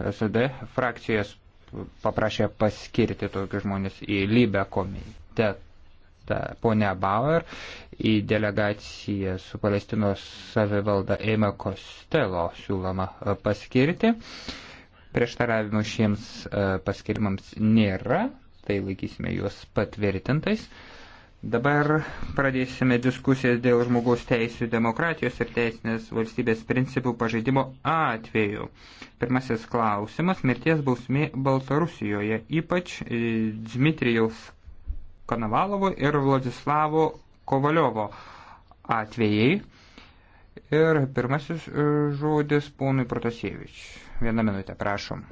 SD frakcijas paprašė paskirti tokius žmonės į Lybę komitetą ponę Bauer, į delegaciją su Palestinos savivalda Eime Kostelo siūloma paskirti. Prieštaravimų šiems e, paskirimams nėra, tai laikysime juos patvirtintais. Dabar pradėsime diskusijas dėl žmogaus teisų demokratijos ir teisinės valstybės principų pažeidimo atveju. Pirmasis klausimas - mirties bausmė Baltarusijoje, ypač e, Dmitrijaus Kanavalovo ir Vladislavo Kovaliovo atvejai. Ir pirmasis e, žodis ponui Protasievič. Vieną minutę, prašom.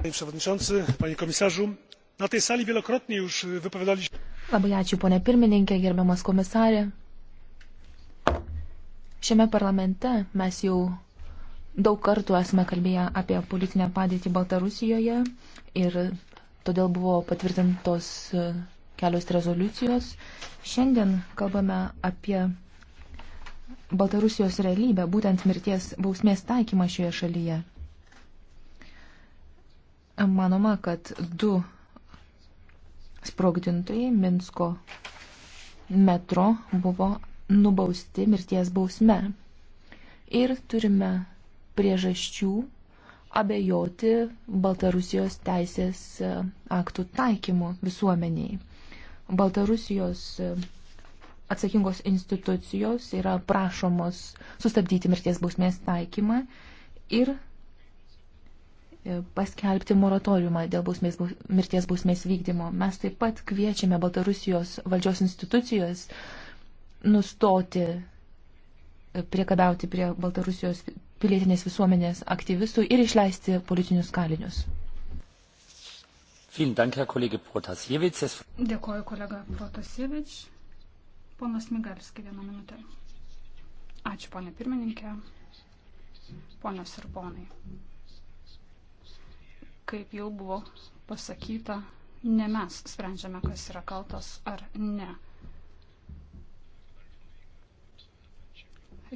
Panie komisarzu, Na tej sali wielokrotnie już wypowiadaliśmy. Labai ačiū, ponė pirmininkė, gerbiamas komisarė. Šiame parlamente mes jau daug kartų esame kalbėję apie politinę padėtį Baltarusijoje ir todėl buvo patvirtintos e, kelios rezoliucijos. Šiandien kalbame apie Baltarusijos realybę, būtent mirties bausmės taikymą šioje šalyje. Manoma, kad du Sprogdintojai Minsko metro buvo nubausti mirties bausme. Ir turime priežasčių abejoti Baltarusijos teisės e, aktų taikymu visuomeniai. Baltarusijos e, atsakingos institucijos yra prašomos sustabdyti mirties bausmės taikymą ir E, paskelbti moratoriumą dėl bausmės, mirties bausmės vykdymo. Mes taip pat kviečiame Baltarusijos valdžios institucijos nustoti e, priekabiauti prie Baltarusijos pilietinės visuomenės aktyvistų ir išleisti politinius kalinius. Dėkoju kolega Protasievič. Ponas Migalski vieną minutę. Ačiū, ponė pirmininkė. Ponios ir ponai kaip jau buvo pasakyta, ne mes sprendžiame, kas yra kaltas ar ne.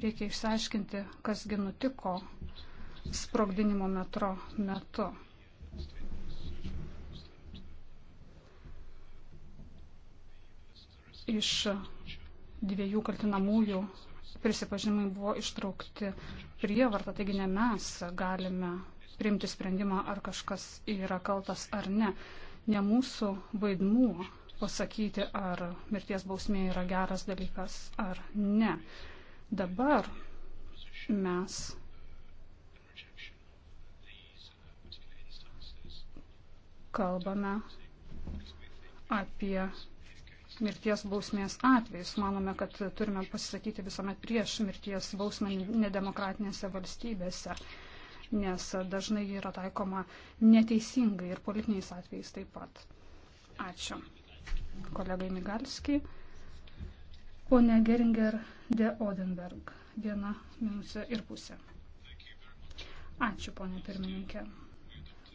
Reikia išsiaiškinti, kasgi nutiko sprogdinimo metro metu. Iš dviejų kaltinamųjų prisipažinimai buvo ištraukti prievartą, taigi ne mes galime priimti sprendimą, ar kažkas yra kaltas ar ne. Ne mūsų vaidmuo pasakyti, ar mirties bausmė yra geras dalykas ar ne. Dabar mes kalbame apie mirties bausmės atvejus. Manome, kad turime pasisakyti visuomet prieš mirties bausmę nedemokratinėse valstybėse nes dažnai ji yra taikoma neteisingai ir politiniais atvejais taip pat. Ačiū. Kolegai Migalskiai. Pone Geringer de Odenberg. Viena minusė ir pusė. Ačiū, ponė pirmininkė.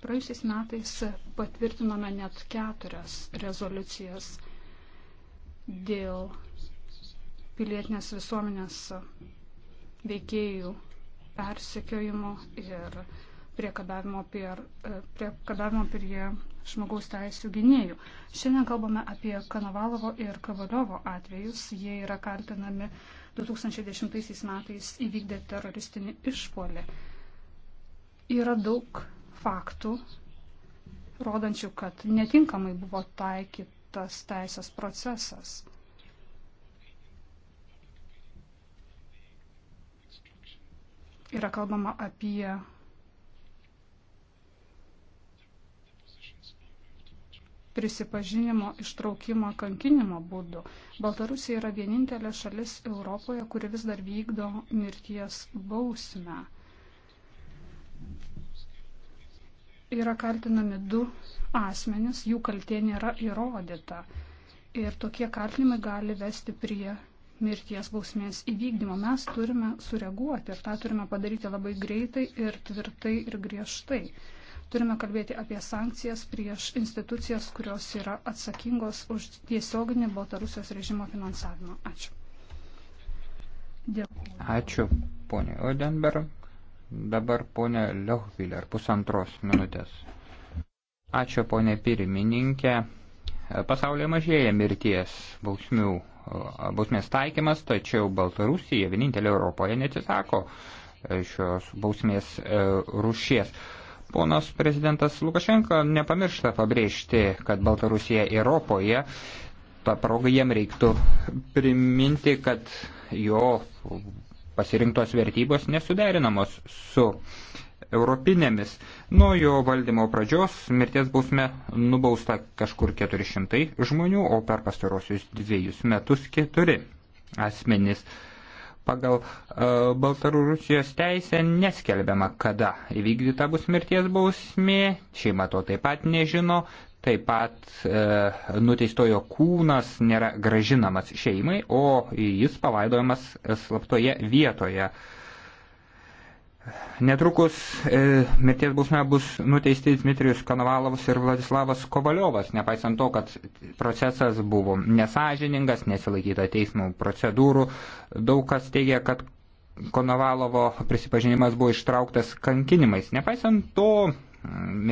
Praėjusiais metais patvirtinome net keturias rezoliucijas dėl pilietinės visuomenės veikėjų persekiojimo ir priekabiavimo prie, priekabiavimo prie žmogaus teisų gynėjų. Šiandien kalbame apie Kanovalovo ir Kavaliovo atvejus. Jie yra kaltinami 2010 metais įvykdę teroristinį išpolį. Yra daug faktų, rodančių, kad netinkamai buvo taikytas teisės procesas. yra kalbama apie prisipažinimo ištraukimo kankinimo būdu. Baltarusija yra vienintelė šalis Europoje, kuri vis dar vykdo mirties bausmę. Yra kaltinami du asmenys, jų kaltė nėra įrodyta. Ir tokie kaltinimai gali vesti prie mirties bausmės įvykdymo. Mes turime sureaguoti ir tą turime padaryti labai greitai ir tvirtai ir griežtai. Turime kalbėti apie sankcijas prieš institucijas, kurios yra atsakingos už tiesioginį Baltarusijos režimo finansavimą. Ačiū. Dėkui. Ačiū, ponė Odenberg. Dabar ponė Lechviler, pusantros minutės. Ačiū, ponė pirmininkė. Pasaulio mažėja mirties bausmių bausmės taikymas, tačiau Baltarusija vienintelė Europoje netisako e, šios bausmės e, rušies. Ponas prezidentas Lukašenka nepamiršta pabrėžti, kad Baltarusija Europoje, tą progą jiem reiktų priminti, kad jo pasirinktos vertybos nesuderinamos su europinėmis. Nuo jo valdymo pradžios mirties bausme nubausta kažkur 400 žmonių, o per pastarosius dviejus metus keturi asmenys. Pagal uh, Baltarusijos teisę neskelbiama, kada įvykdyta bus mirties bausmė, šeima to taip pat nežino, taip pat e, nuteistojo kūnas nėra gražinamas šeimai, o jis palaidojamas slaptoje vietoje. E, Netrukus e, mirties bausme bus nuteisti Dmitrijus Konovalovas ir Vladislavas Kovaliovas, nepaisant to, kad procesas buvo nesažiningas, nesilaikyta teismų procedūrų. Daug kas teigia, kad Konovalovo prisipažinimas buvo ištrauktas kankinimais. Nepaisant to,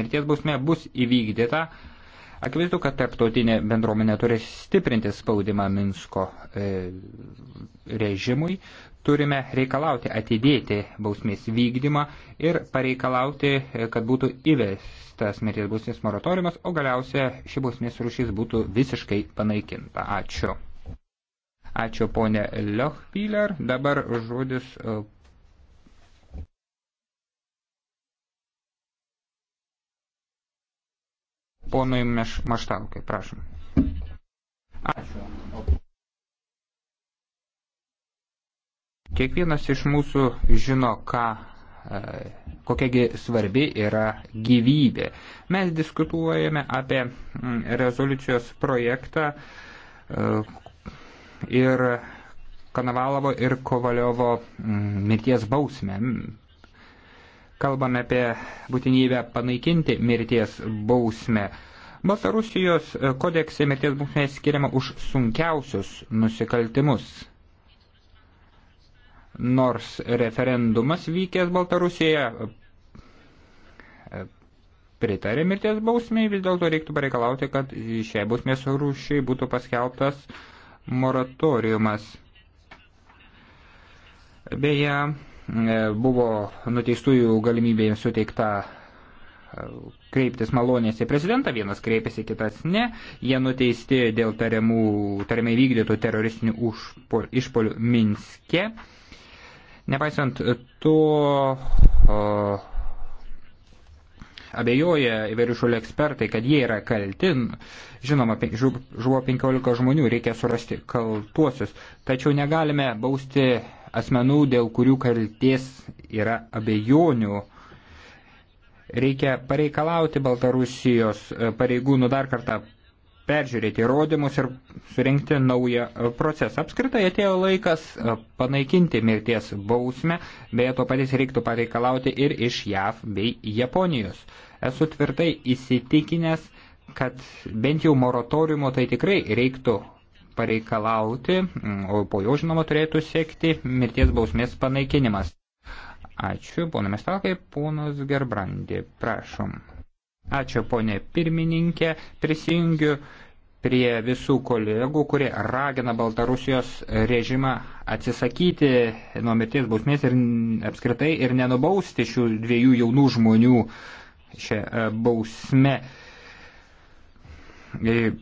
mirties bausme bus įvykdyta. Akivaizdu, kad tarptautinė bendruomenė turi stiprinti spaudimą Minsko e, režimui, turime reikalauti atidėti bausmės vykdymą ir pareikalauti, e, kad būtų įvestas mirties bausmės moratoriumas, o galiausia ši bausmės rušys būtų visiškai panaikinta. Ačiū. Ačiū ponė Liochpiler. Dabar žodis e, ponui Maštaukai, prašom. Ačiū. Kiekvienas iš mūsų žino, ką, e, kokiagi svarbi yra gyvybė. Mes diskutuojame apie mm, rezoliucijos projektą e, ir Kanavalovo ir Kovaliovo mm, mirties bausmę kalbame apie būtinybę panaikinti mirties bausmę. Baltarusijos e, kodekse mirties bausmė skiriama už sunkiausius nusikaltimus. Nors referendumas vykęs Baltarusijoje e, pritarė mirties bausmiai, vis dėlto reiktų pareikalauti, kad šiai bausmės rūšiai būtų paskelbtas moratoriumas. Beje, E, buvo nuteistųjų galimybė jiems suteikta e, kreiptis malonės į prezidentą, vienas kreipėsi, kitas ne. Jie nuteisti dėl tariamų, tariamai vykdytų teroristinių užpol, išpolių Minske. Nepaisant to, o, abejoja įvairių šalių ekspertai, kad jie yra kalti. Žinoma, žuvo 15 žmonių, reikia surasti kaltuosius. Tačiau negalime bausti asmenų, dėl kurių kalties yra abejonių. Reikia pareikalauti Baltarusijos e, pareigūnų dar kartą peržiūrėti įrodymus ir surinkti naują e, procesą. Apskritai atėjo laikas e, panaikinti mirties bausmę, beje to patys reiktų pareikalauti ir iš JAV bei Japonijos. Esu tvirtai įsitikinęs, kad bent jau moratoriumo tai tikrai reiktų pareikalauti, o po jo žinoma turėtų sėkti mirties bausmės panaikinimas. Ačiū, ponai Mestakai, ponas Gerbrandi, prašom. Ačiū, ponė pirmininkė, prisijungiu prie visų kolegų, kurie ragina Baltarusijos režimą atsisakyti nuo mirties bausmės ir apskritai ir nenubausti šių dviejų jaunų žmonių šią e, bausmę.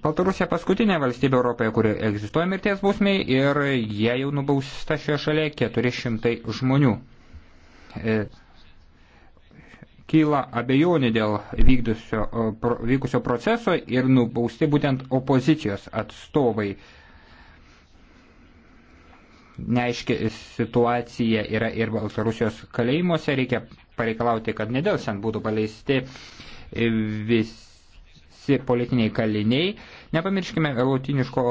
Baltarusija paskutinė valstybė Europoje, kuri egzistuoja mirties bausmiai ir jie jau nubausta šioje šalyje 400 žmonių. E, kyla abejonė dėl vykdusio, vykusio proceso ir nubausti būtent opozicijos atstovai. Neaiški situacija yra ir Baltarusijos kalėjimuose, reikia pareikalauti, kad nedelsiant būtų paleisti visi visi politiniai kaliniai. Nepamirškime latiniško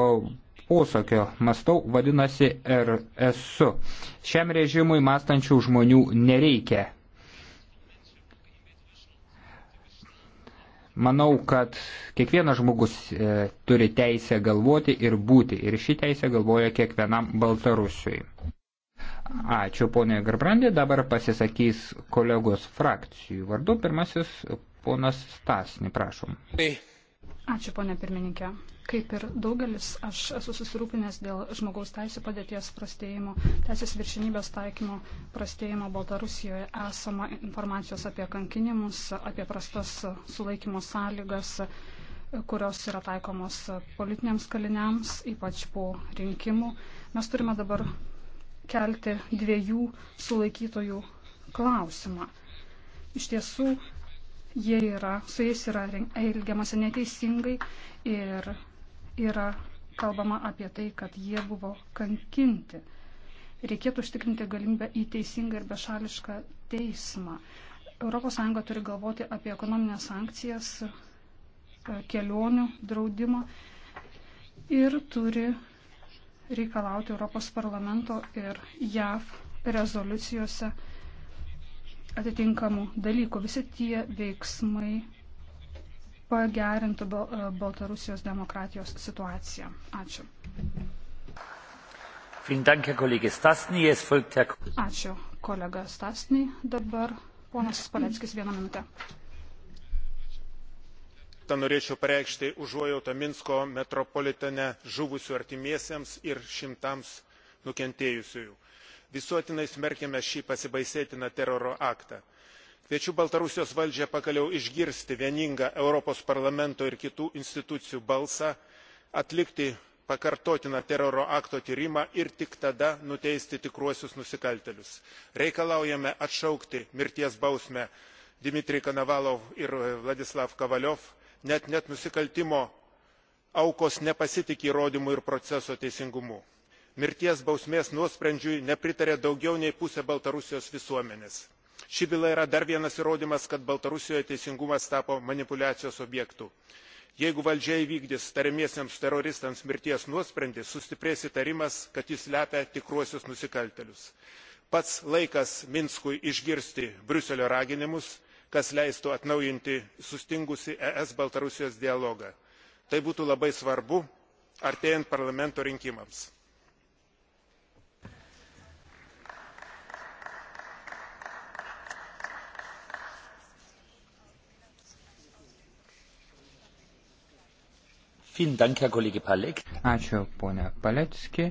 posakio mastau vadinasi ir esu. Šiam režimui mąstančių žmonių nereikia. Manau, kad kiekvienas žmogus e, turi teisę galvoti ir būti, ir ši teisė galvoja kiekvienam baltarusiui. Ačiū, ponė Garbrandė. Dabar pasisakys kolegos frakcijų vardu. Pirmasis Ponas Stasni, prašom. Tai- Ačiū, ponė pirmininkė. Kaip ir daugelis, aš esu susirūpinęs dėl žmogaus teisų padėties prastėjimo, teisės viršinybės taikymo prastėjimo Baltarusijoje esama informacijos apie kankinimus, apie prastas sulaikymo sąlygas, kurios yra taikomos politiniams kaliniams, ypač po rinkimų. Mes turime dabar kelti dviejų sulaikytojų klausimą. Iš tiesų, jie yra, su jais yra elgiamasi neteisingai ir yra kalbama apie tai, kad jie buvo kankinti. Reikėtų užtikrinti galimybę į teisingą ir bešališką teismą. ES turi galvoti apie ekonominės sankcijas, e, kelionių draudimą ir turi reikalauti Europos parlamento ir JAV rezoliucijose atitinkamų dalykų. Visi tie veiksmai pagerintų e, Baltarusijos demokratijos situaciją. Ačiū. Ačiū, kolega Stasny. Dabar ponas Spaleckis vieną minutę. Norėčiau pareikšti užuojautą Minsko metropolitane žuvusių artimiesiems ir šimtams nukentėjusiųjų visuotinai smerkiame šį pasibaisėtiną teroro aktą. kviečiu baltarusijos valdžią pagaliau išgirsti vieningą europos parlamento ir kitų institucijų balsą atlikti pakartotiną teroro akto tyrimą ir tik tada nuteisti tikruosius nusikaltėlius. reikalaujame atšaukti mirties bausmę dmitrijui konovalovui ir e, vladislavui kovaliovui net net nusikaltimo aukos nepasitiki įrodymų ir proceso teisingumu mirties bausmės nuosprendžiui nepritarė daugiau nei pusė baltarusijos visuomenės. ši byla yra dar vienas įrodymas kad baltarusijoje teisingumas tapo manipuliacijos objektu. jeigu valdžia įvykdys tariamiesiems teroristams mirties nuosprendį sustiprės įtarimas kad ji slepia tikruosius nusikaltėlius. pats laikas minskui išgirsti briuselio raginimus kas leistų atnaujinti sustingusį es baltarusijos dialogą. tai būtų labai svarbu artėjant parlamento rinkimams. Ačiū, ponė Palecki.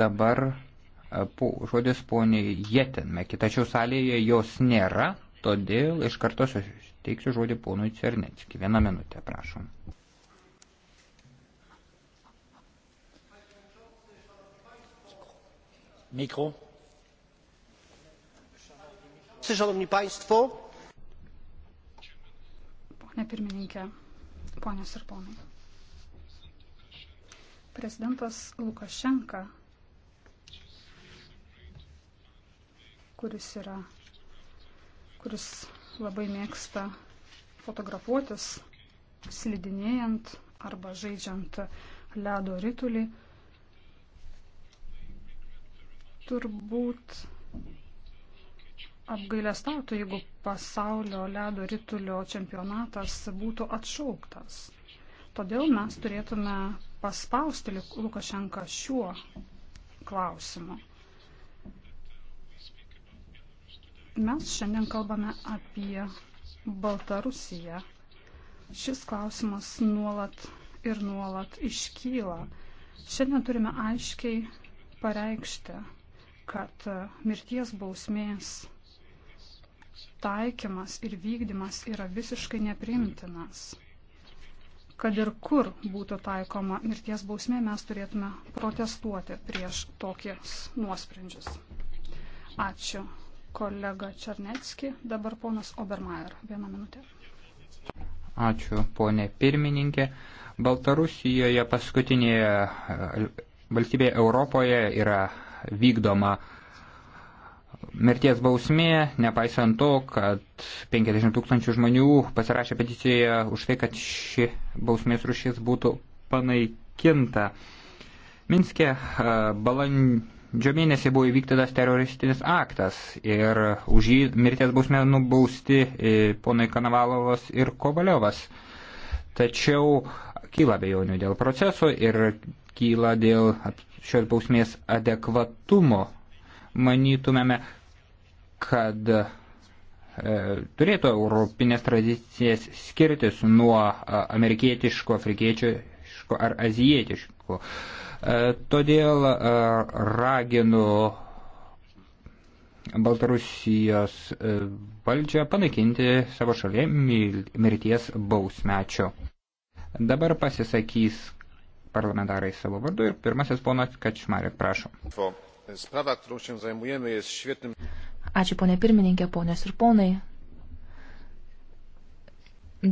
Dabar e, po, žodis poniai Jetinmeki, tačiau salėje jos nėra, todėl iš karto suteiksiu žodį ponui Cernecki. Vieną minutę, prašom. Mikro. Szanowni Państwo. Panie pirmininkė, ponios ir ponai. Prezidentas Lukašenka, kuris yra, kuris labai mėgsta fotografuotis slidinėjant arba žaidžiant ledo ritulį, turbūt apgailestautų, jeigu pasaulio ledo ritulio čempionatas būtų atšauktas. Todėl mes turėtume paspausti Lukašenką šiuo klausimu. Mes šiandien kalbame apie Baltarusiją. Šis klausimas nuolat ir nuolat iškyla. Šiandien turime aiškiai pareikšti, kad e, mirties bausmės taikymas ir vykdymas yra visiškai neprimtinas kad ir kur būtų taikoma mirties bausmė, mes turėtume protestuoti prieš tokius nuosprendžius. Ačiū kolega Černetski, dabar ponas Obermeier. Vieną minutę. Ačiū, ponė pirmininkė. Baltarusijoje paskutinėje e, valstybėje Europoje yra vykdoma mirties bausmė, nepaisant to, kad 50 tūkstančių žmonių pasirašė peticiją už tai, kad ši bausmės rušis būtų panaikinta. Minske balandžio mėnesį buvo įvykdytas teroristinis aktas ir už jį mirties bausmė nubausti e, ponai Kanavalovas ir Kovaliovas. Tačiau kyla bejonių dėl proceso ir kyla dėl šios bausmės adekvatumo. Manytumėme, kad e, turėtų europinės tradicijas skirtis nuo e, amerikietiško, afrikietiško ar azijietiško. E, todėl raginu Baltarusijos valdžią panaikinti savo šalyje mirties bausmečio. Dabar pasisakys parlamentarai savo vardu ir pirmasis ponas Kačmarek, prašom. Sprawa, którą się zajmujemy, jest świetnym. Ačiū ponė pirmininkė, ponios ir ponai.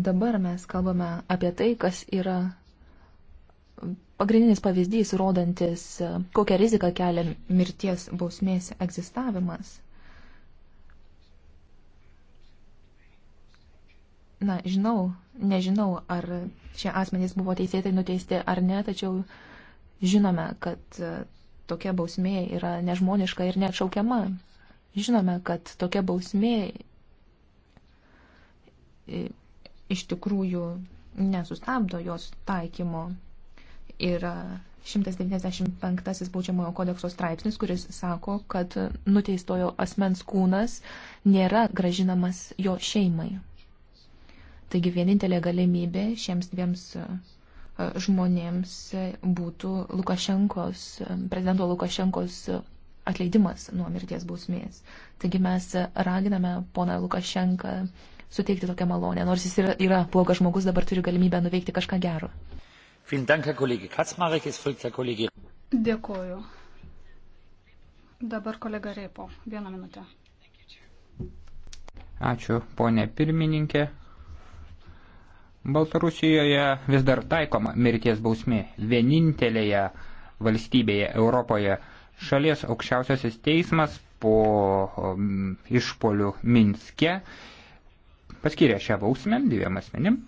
Dabar mes kalbame apie tai, kas yra pagrindinis pavyzdys, rodantis, kokią riziką kelia mirties bausmės egzistavimas. Na, žinau, nežinau, ar šie asmenys buvo teisėtai nuteisti ar ne, tačiau žinome, kad tokia bausmė yra nežmoniška ir neatšaukiama. Žinome, kad tokia bausmė e, iš tikrųjų nesustabdo jos taikymo. Yra 195 baudžiamojo kodekso straipsnis, kuris sako, kad nuteistojo asmens kūnas nėra gražinamas jo šeimai. Taigi vienintelė galimybė šiems dviems e, žmonėms būtų Lukašenkos, prezidento Lukašenkos atleidimas nuo mirties bausmės. Taigi mes raginame poną Lukašenką suteikti tokią malonę. Nors jis yra, yra blogas žmogus, dabar turi galimybę nuveikti kažką gero. Dėkuoju. Dabar kolega Reipo. Vieną minutę. Ačiū, ponė pirmininkė. Baltarusijoje vis dar taikoma mirties bausmė vienintelėje valstybėje Europoje Šalies aukščiausiasis teismas po um, išpolių Minske paskyrė šią bausmę dviem asmenim.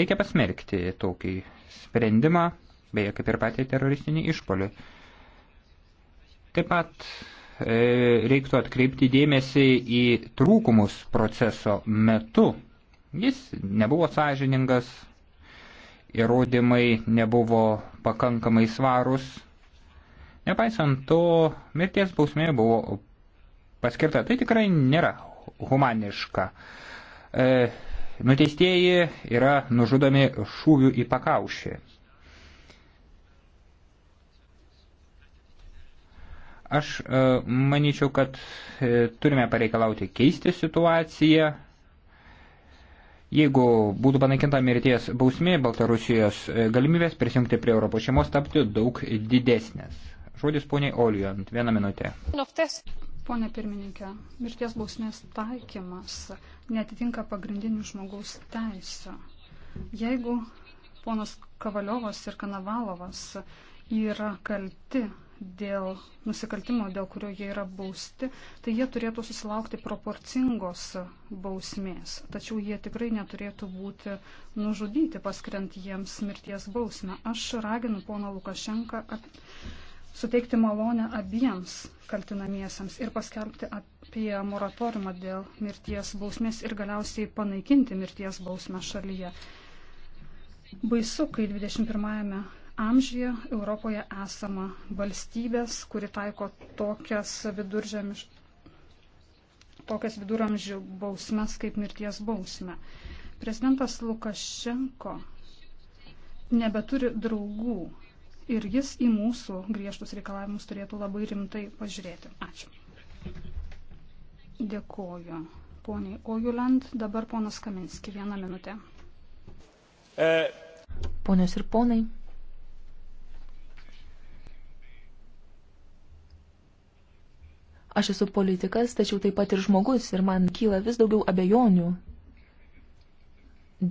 Reikia pasmerkti tokį sprendimą, beje, kaip ir patį teroristinį išpolių. Taip pat e, reiktų atkreipti dėmesį į trūkumus proceso metu. Jis nebuvo sąžiningas, įrodymai nebuvo pakankamai svarus, Nepaisant to, mirties bausmė buvo paskirta. Tai tikrai nėra humaniška. E, nuteistieji yra nužudomi šūvių į pakaušį. Aš e, manyčiau, kad e, turime pareikalauti keisti situaciją. Jeigu būtų panaikinta mirties bausmė, Baltarusijos e, galimybės prisijungti prie Europos šeimos tapti daug didesnės. Žodis poniai Olijant. Vieną minutę. Pone pirmininkė, mirties bausmės taikymas netitinka pagrindinių žmogaus teisų. Jeigu ponas Kavaliovas ir Kanavalovas yra kalti dėl nusikaltimo, dėl kurio jie yra bausti, tai jie turėtų susilaukti proporcingos bausmės. Tačiau jie tikrai neturėtų būti nužudyti, paskiriant jiems mirties bausmę. Aš raginu poną Lukašenką suteikti malonę abiems kaltinamiesiams ir paskelbti apie moratoriumą dėl mirties bausmės ir galiausiai panaikinti mirties bausmę šalyje. Baisu, kai 21-ame amžiuje Europoje esama valstybės, kuri taiko tokias, tokias viduramžių bausmes kaip mirties bausmė. Prezidentas Lukašenko nebeturi draugų ir jis į mūsų griežtus reikalavimus turėtų labai rimtai pažiūrėti. Ačiū. Dėkoju. Poniai Ojuland, dabar ponas Kaminski, vieną minutę. E... Ponios ir ponai. Aš esu politikas, tačiau taip pat ir žmogus ir man kyla vis daugiau abejonių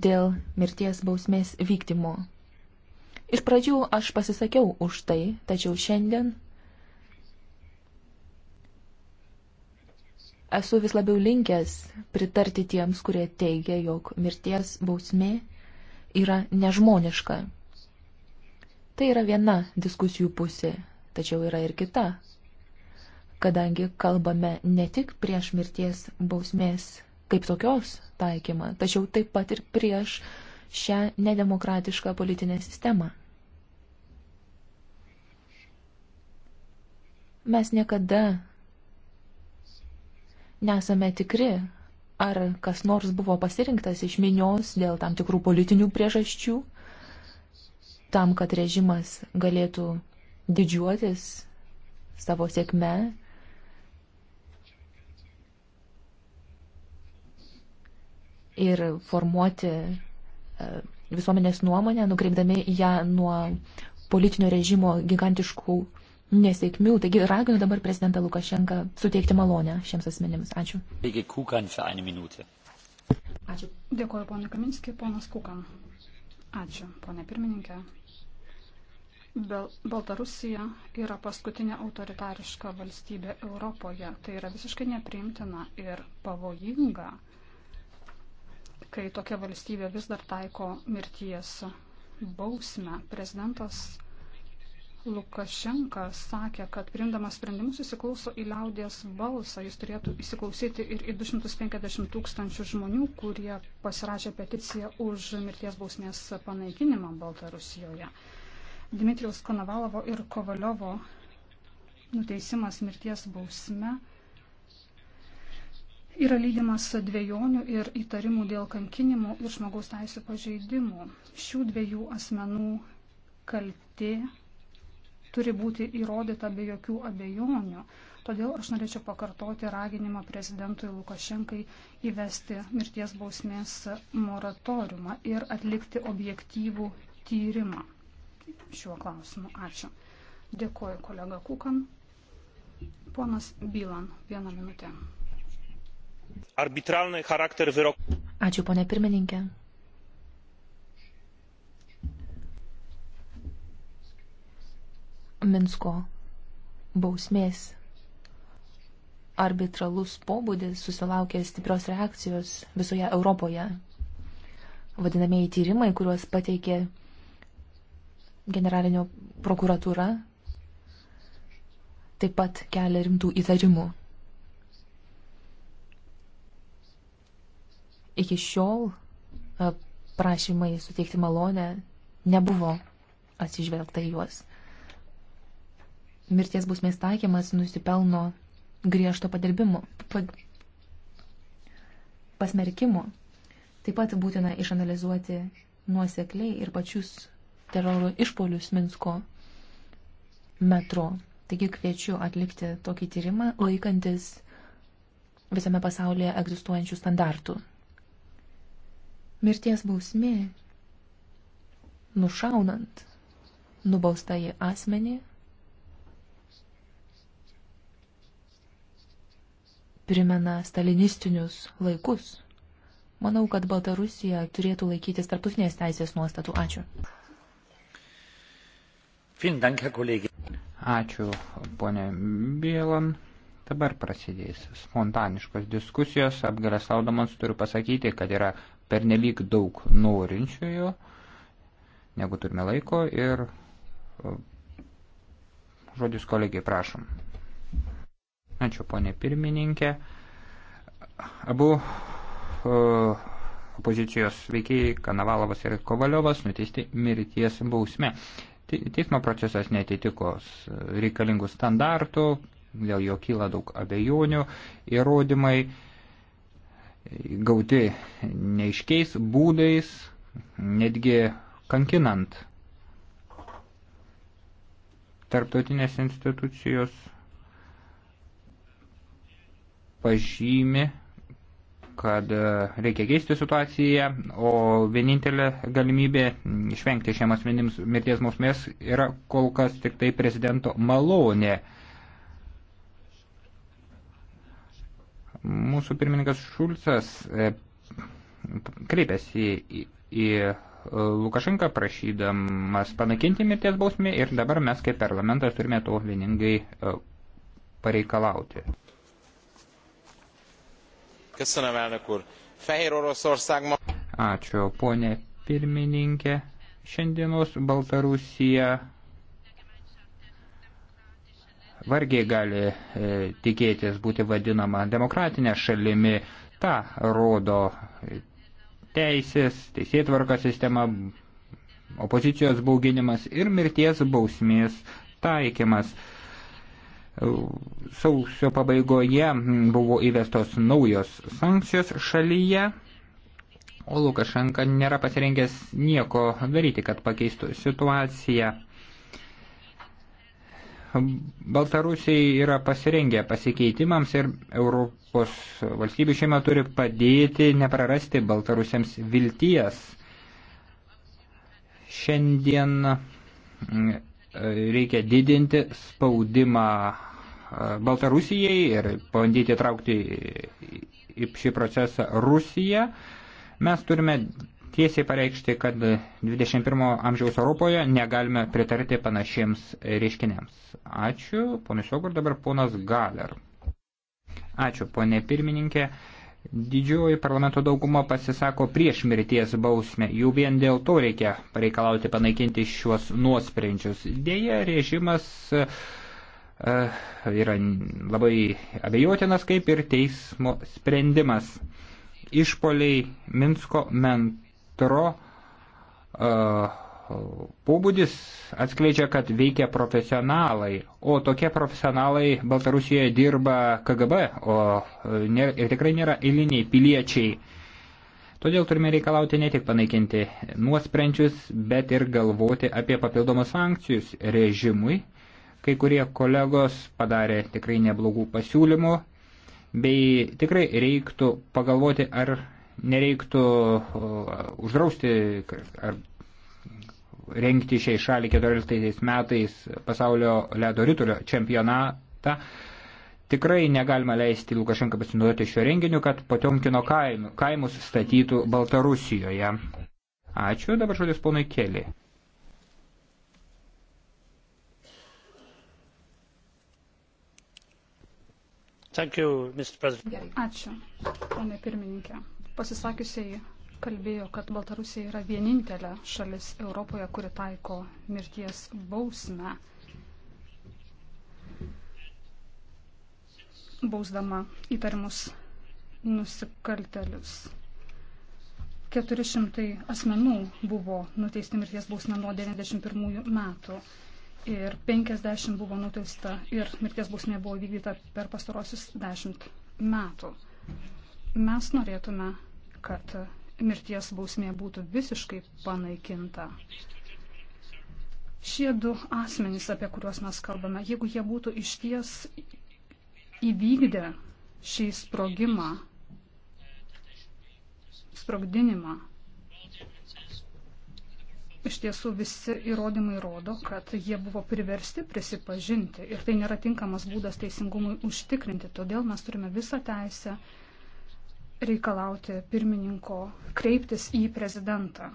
dėl mirties bausmės vykdymo Iš pradžių aš pasisakiau už tai, tačiau šiandien esu vis labiau linkęs pritarti tiems, kurie teigia, jog mirties bausmė yra nežmoniška. Tai yra viena diskusijų pusė, tačiau yra ir kita, kadangi kalbame ne tik prieš mirties bausmės kaip tokios taikymą, tačiau taip pat ir prieš šią nedemokratišką politinę sistemą. Mes niekada nesame tikri, ar kas nors buvo pasirinktas iš minios dėl tam tikrų politinių priežasčių, tam, kad režimas galėtų didžiuotis savo sėkme ir formuoti E, visuomenės nuomonę, nukreipdami ją nuo politinio režimo gigantiškų nesėkmių. Taigi raginu dabar prezidentą Lukašenką suteikti malonę šiems asmenims. Ačiū. Ačiū. Dėkuoju, ponė Kaminski, ponas Kukan. Ačiū, ponė pirmininkė. Bel Baltarusija yra paskutinė autoritariška valstybė Europoje. Tai yra visiškai nepriimtina ir pavojinga kai tokia valstybė vis dar taiko mirties bausmę. Prezidentas Lukašenka sakė, kad priimdamas sprendimus įsiklauso į liaudės balsą. Jis turėtų įsiklausyti ir į 250 tūkstančių žmonių, kurie pasirašė peticiją už mirties bausmės panaikinimą Baltarusijoje. Dmitrijaus Konovalovo ir Kovaliovo nuteisimas mirties bausme yra lydimas dviejonių ir įtarimų dėl kankinimų ir žmogaus teisų pažeidimų. Šių dviejų asmenų kalti turi būti įrodyta be jokių abejonių. Todėl aš norėčiau pakartoti raginimą prezidentui Lukašenkai įvesti mirties bausmės moratoriumą ir atlikti objektyvų tyrimą šiuo klausimu. Ačiū. Dėkuoju kolega Kukan. Ponas Bylan, vieną minutę. Arbitralny charakter wyrok. Ačiū, ponė pirmininkė. Minsko bausmės arbitralus pobūdis susilaukė stiprios reakcijos visoje Europoje. Vadinamieji tyrimai, kuriuos pateikė generalinio prokuratūra, taip pat kelia rimtų įtarimų. Iki šiol e, prašymai suteikti malonę nebuvo atsižvelgta į juos. Mirties bausmės taikymas nusipelno griežto padirbimo, pad... pasmerkimo. Taip pat būtina išanalizuoti nuosekliai ir pačius teroro išpolius Minsko metro. Taigi kviečiu atlikti tokį tyrimą laikantis visame pasaulyje egzistuojančių standartų. Mirties bausmė nušaunant nubaustąjį asmenį primena stalinistinius laikus. Manau, kad Baltarusija turėtų laikytis tarptautinės teisės nuostatų. Ačiū. Ačiū, ponė Bielan. Dabar prasidės spontaniškos diskusijos. Apgrasaudamas turiu pasakyti, kad yra pernelyg daug norinčiųjų, negu turime laiko ir žodis kolegiai prašom. Ačiū, ponė pirmininkė. Abu uh, opozicijos veikėjai Kanavalovas ir Kovaliovas nuteisti mirties bausme. Teismo procesas netitiko reikalingų standartų, dėl jo kyla daug abejonių, įrodymai gauti neiškiais būdais, netgi kankinant. Tarptautinės institucijos pažymi, kad e, reikia keisti situaciją, o vienintelė galimybė išvengti šiems asmenims mirties mausmės yra kol kas tik tai prezidento malonė. Mūsų pirmininkas Šulcas e, kreipėsi į, į Lukašenką prašydamas panaikinti mirties bausmę ir dabar mes kaip parlamentas turime to vieningai e, pareikalauti. Köszönöm, elnök úr. Fehér Oroszország ma... Ačiū, ponė pirmininkė. Šiandienos Baltarusija vargiai gali e, tikėtis būti vadinama demokratinė šalimi. Ta rodo teisės, teisėtvarka sistema, opozicijos bauginimas ir mirties bausmės taikymas. Sausio pabaigoje buvo įvestos naujos sankcijos šalyje, o Lukašenka nėra pasirengęs nieko daryti, kad pakeistų situaciją. Baltarusiai yra pasirengę pasikeitimams ir Europos valstybių šeima turi padėti neprarasti Baltarusiams vilties. Šiandien mm, reikia didinti spaudimą e, Baltarusijai ir bandyti traukti į šį procesą Rusiją. Mes turime tiesiai pareikšti, kad 21 amžiaus Europoje negalime pritarti panašiems reiškiniams. Ačiū, ponas Jogur, dabar ponas Galer. Ačiū, ponė pirmininkė. Didžioji parlamento dauguma pasisako prieš mirties bausmę. Jau vien dėl to reikia pareikalauti panaikinti šiuos nuosprendžius. Deja, režimas e, yra labai abejotinas kaip ir teismo sprendimas. Išpoliai Minsko ment registro e, pobūdis atskleidžia, kad veikia profesionalai, o tokie profesionalai Baltarusijoje dirba KGB, o e, nėra, ir tikrai nėra eiliniai piliečiai. Todėl turime reikalauti ne tik panaikinti nuosprendžius, bet ir galvoti apie papildomus sankcijus režimui. Kai kurie kolegos padarė tikrai neblogų pasiūlymų, bei tikrai reiktų pagalvoti, ar nereiktų uh, uždrausti ar rengti šiai šaliai 14 metais pasaulio ledo rytulio čempionatą. Tikrai negalima leisti Lukašenką pasinaudoti šio renginiu, kad Potiomkino kaimus statytų Baltarusijoje. Ačiū, dabar žodis ponui Keli. You, Ačiū, ponai pirmininkė. Pasisakiusiai kalbėjo, kad Baltarusija yra vienintelė šalis Europoje, kuri taiko mirties bausmę, bausdama įtarimus nusikaltelius. 400 asmenų buvo nuteisti mirties bausmę nuo 91 metų ir 50 buvo nuteista ir mirties bausmė buvo vykdyta per pastarosius 10 metų. Mes norėtume, kad mirties bausmė būtų visiškai panaikinta. Šie du asmenys, apie kuriuos mes kalbame, jeigu jie būtų išties įvykdę šį sprogimą, sprogdinimą, iš tiesų visi įrodymai rodo, kad jie buvo priversti prisipažinti ir tai nėra tinkamas būdas teisingumui užtikrinti. Todėl mes turime visą teisę uh, reikalauti pirmininko kreiptis į prezidentą.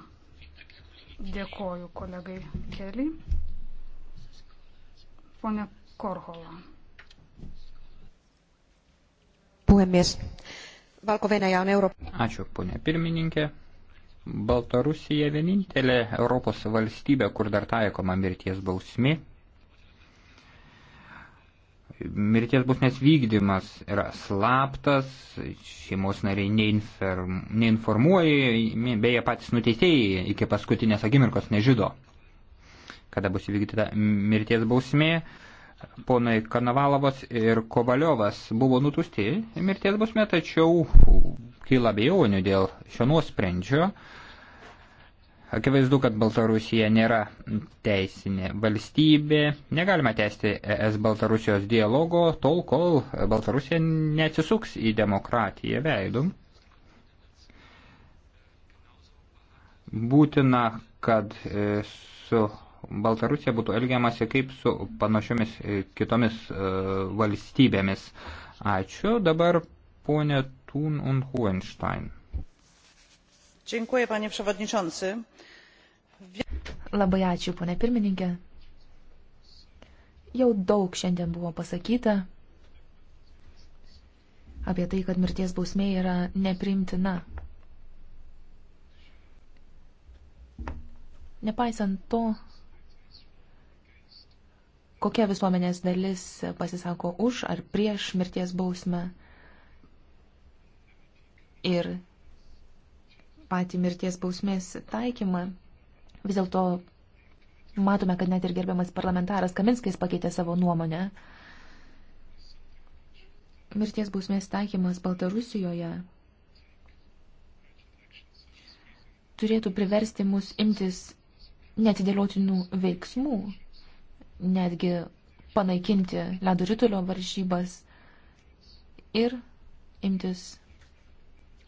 Dėkoju kolegai Keliai. Pone Korhola. Puhemies. Valko-Venäjä on Eurooppa. Ačiū, ponė pirmininkė. Baltarusija vienintelė Europos valstybė, kur dar taikoma mirties bausmi mirties bausmės vykdymas yra slaptas, šeimos nariai neinformuoja, beje patys nuteisėjai iki paskutinės akimirkos nežido, kada bus įvykdyta mirties bausmė. Ponai Kanavalovas ir Kovaliovas buvo nutusti mirties bausmė, tačiau kyla bejonių dėl šio nuosprendžio. Uh, Akivaizdu, kad Baltarusija nėra teisinė valstybė. Negalima tęsti ES Baltarusijos dialogo tol, kol Baltarusija neatsisuks į demokratiją veidų. Būtina, kad e, su Baltarusija būtų elgiamasi kaip su panašiomis e, kitomis e, valstybėmis. Ačiū. Dabar ponė Thun und Hohenstein. Dziękuję, panie przewodniczący. Labai ačiū, ponė pirmininkė. Jau daug šiandien buvo pasakyta apie tai, kad mirties bausmė yra neprimtina. Nepaisant to, kokia visuomenės dalis pasisako už ar prieš mirties bausmę ir patį mirties bausmės taikymą. Vis dėlto matome, kad net ir gerbiamas parlamentaras Kaminskis pakeitė savo nuomonę. Mirties bausmės taikymas Baltarusijoje turėtų priversti mus imtis netidėliotinų veiksmų, netgi panaikinti ledo ritulio varžybas ir imtis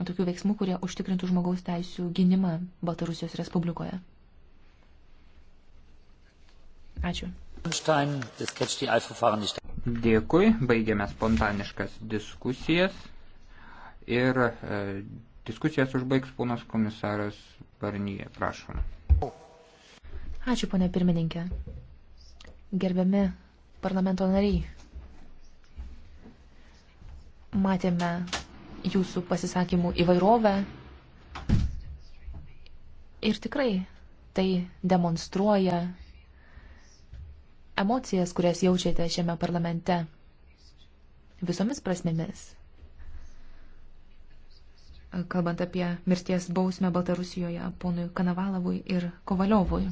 tokių veiksmų, kurie užtikrintų žmogaus teisų gynimą Baltarusijos Respublikoje. Ačiū. Dėkui, baigėme spontaniškas diskusijas ir e, diskusijas užbaigs ponas komisaras Barnyje, prašom. Ačiū, ponė pirmininkė. Gerbiami parlamento nariai. Matėme jūsų pasisakymų įvairovę. Ir tikrai tai demonstruoja emocijas, kurias jaučiate šiame parlamente visomis prasmėmis. Kalbant apie mirties bausmę Baltarusijoje ponui Kanavalovui ir Kovaliovui.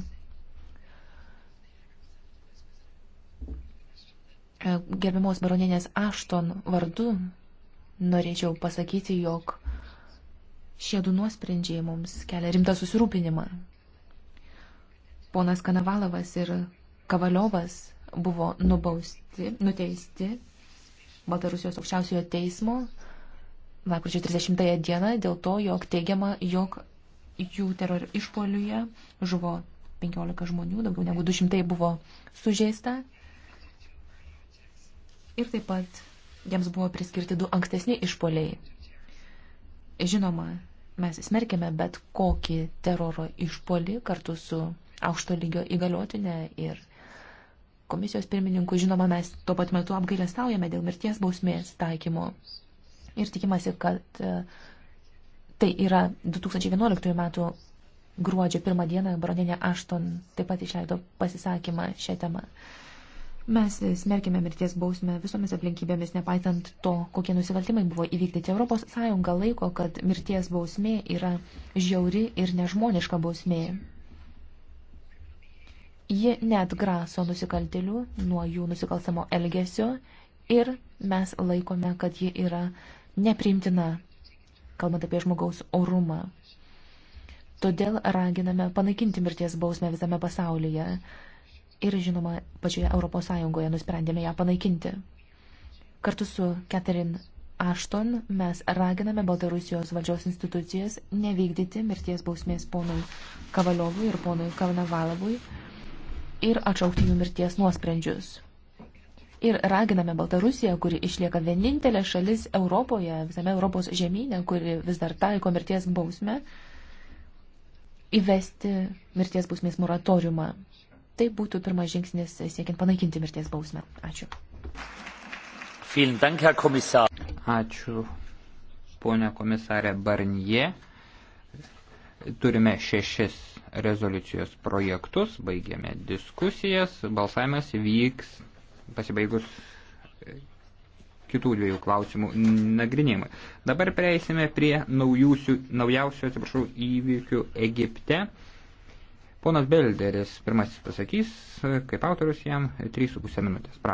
Gerbiamos baroninės Ašton vardu norėčiau pasakyti, jog šie du nuosprendžiai mums kelia rimtą susirūpinimą. Ponas Kanavalovas ir Kavaliovas buvo nubausti, nuteisti Baltarusijos aukščiausiojo teismo lapkričio 30 dieną dėl to, jog teigiama, jog jų teror išpoliuje žuvo 15 žmonių, daugiau negu 200 buvo sužeista. Ir taip pat jiems buvo priskirti du ankstesni išpoliai. Žinoma, mes smerkėme bet kokį teroro išpolį kartu su aukšto lygio įgaliotinė ir komisijos pirmininku. Žinoma, mes tuo pat metu apgailestaujame dėl mirties bausmės taikymo ir tikimasi, kad e, tai yra 2011 metų gruodžio pirmą dieną baroninė Ašton taip pat išleido pasisakymą šią temą. Mes smerkime mirties bausmę visomis aplinkybėmis, nepaisant to, kokie nusikaltimai buvo įvykdyti. ES laiko, kad mirties bausmė yra žiauri ir nežmoniška bausmė. Ji net graso nusikaltėlių nuo jų nusikalstamo elgesio ir mes laikome, kad ji yra nepriimtina, kalbant apie žmogaus orumą. Todėl raginame panaikinti mirties bausmę visame pasaulyje ir, žinoma, pačioje Europos Sąjungoje nusprendėme ją panaikinti. Kartu su Catherine Ashton mes raginame Baltarusijos valdžios institucijas nevykdyti mirties bausmės ponui Kavaliovui ir ponui Kavnavalovui ir atšaukti jų mirties nuosprendžius. Ir raginame Baltarusiją, kuri išlieka vienintelė šalis Europoje, visame Europos žemynė, kuri vis dar taiko mirties bausmę, įvesti mirties bausmės moratoriumą. Tai būtų pirmas žingsnis siekiant panaikinti mirties bausmę. Ačiū. Ačiū, ponia komisarė Barnie. Turime šešis rezoliucijos projektus, baigėme diskusijas, balsavimas vyks pasibaigus e, kitų dviejų klausimų nagrinėjimui. Dabar prieisime prie naujusių, naujausių atsiprašau, įvykių Egipte. Ponas Belderis pirmasis pasakys, kaip autorius jam 3,5 minutės. Pra.